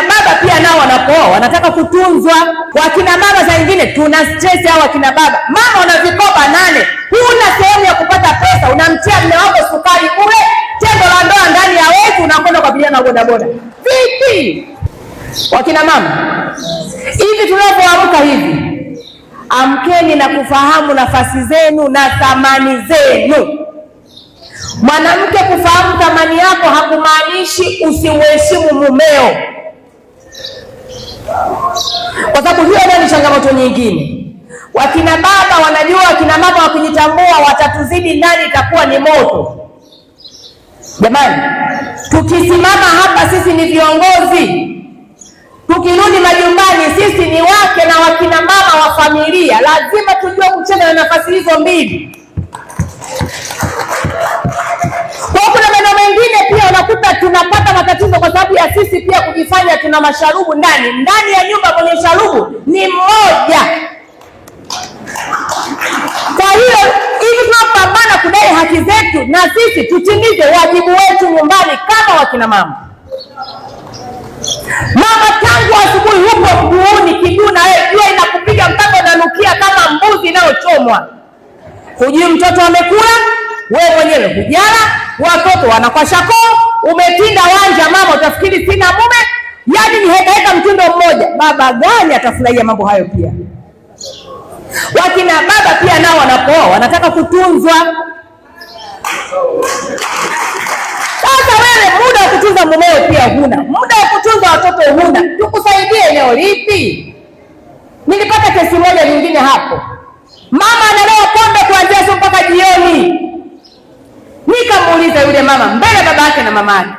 kina baba pia nao wanapooa wanataka kutunzwa. Wakina mama saa nyingine tuna stress, hao wakina baba, mama una vikoba nane, huna sehemu ya kupata pesa, unamtia mume wako sukari kule tendo la ndoa ndani ya wezi, unakwenda kwa vijana bodaboda. Vipi wakina mama, hivi tunavyoamka hivi Amkeni na kufahamu nafasi zenu na thamani zenu. Mwanamke kufahamu thamani yako hakumaanishi usiuheshimu mumeo kwa sababu hiyo ndio ni changamoto nyingine. Wakina baba wanajua, wakina mama wakijitambua watatuzidi ndani, itakuwa ni moto. Jamani, tukisimama hapa sisi ni viongozi, tukirudi majumbani sisi ni wake na wakina mama wa familia, lazima tujue kucheza na nafasi hizo mbili. sisi pia kujifanya tuna masharubu ndani ndani ya nyumba, kwenye sharubu ni mmoja. Kwa hiyo hivi tunapambana kudai haki zetu, na sisi tutimize wajibu wetu nyumbani kama wakina mama. Mama tangu asubuhi huko mguuni kiguu, na wewe jua inakupiga mpaka unanukia kama mbuzi inayochomwa. Hujui mtoto amekula, wewe mwenyewe hujala, watoto wanakwasha koo umetinda wanja, mama utafikiri sina mume, yani ni hekaheka mtindo mmoja. Baba gani atafurahia mambo hayo? Pia wakina baba pia nao wanapoa wanataka kutunzwa. Sasa wewe muda wa kutunza mumeo pia huna, muda wa kutunza watoto huna, tukusaidie eneo lipi? Nilipata kesi moja nyingine hapo, mama anamuuliza yule mama mbele baba yake na mama yake,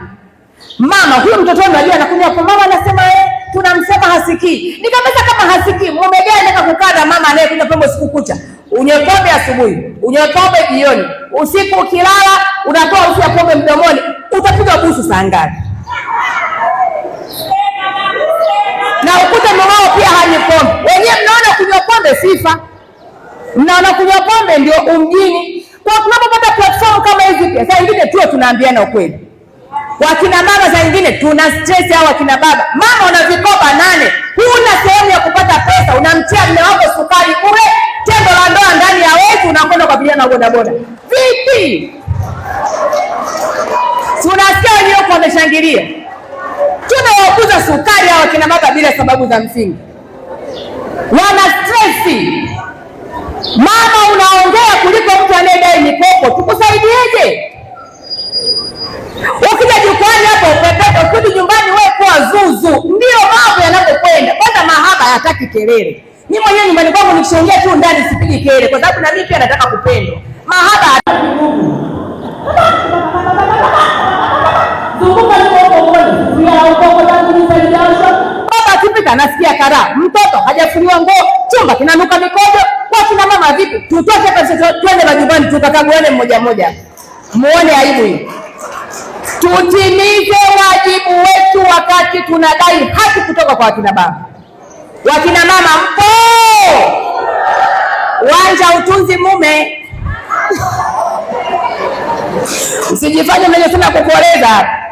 mama, huyu mtoto wenu najua anakunywa hapo. Mama anasema eh, tunamsema hasikii. Nikamwambia kama hasikii, mumejaa anataka kukaa na mama anayekunywa pombe siku kucha, unywe pombe asubuhi, unywe pombe jioni, usiku ukilala unatoa usi ya pombe mdomoni, utapiga busu saa ngapi? Na ukuta mumao pia hanywi pombe. Wenyewe mnaona kunywa pombe sifa, mnaona kunywa pombe ndio umjini kwa tunapopata platform kama hizi pia saa nyingine tuwe tunaambiana ukweli. Wakina mama saa nyingine tuna stress hao wakina baba. Mama una vikoba nane, huna sehemu ya kupata pesa, unamtia mume wako sukari kule, tendo la ndoa ndani ya wewe unakwenda kwa vijana bodaboda. Vipi? Tunasikia wenyewe huko wameshangilia. Tunawakuza sukari hao wakina baba bila sababu za msingi. Wana stress. Mama unaongea kuliko mtu anayedai mikopo, tukusaidieje? Ukija jukwani hapo upepeto, ukirudi nyumbani wewe kuwa zuzu. Ndiyo mambo yanavyokwenda. Kwanza mahaba hayataki kelele. Mimi mwenyewe nyumbani kwangu nikishaingia tu ndani sipigi kelele, kwa sababu na mimi pia nataka kupendwa. mahaba anasikia karaa, mtoto hajafuliwa nguo, chumba kinanuka mikojo. Kwa kina mama vipi? Tutoke hapa twende majumbani tukakaguane mmoja mmoja, muone aibu hii. Tutimize wajibu wetu wakati tunadai haki kutoka kwa wakina baba. Wakina mama mpo wanja utunzi mume, usijifanye mwenye sana kukoleza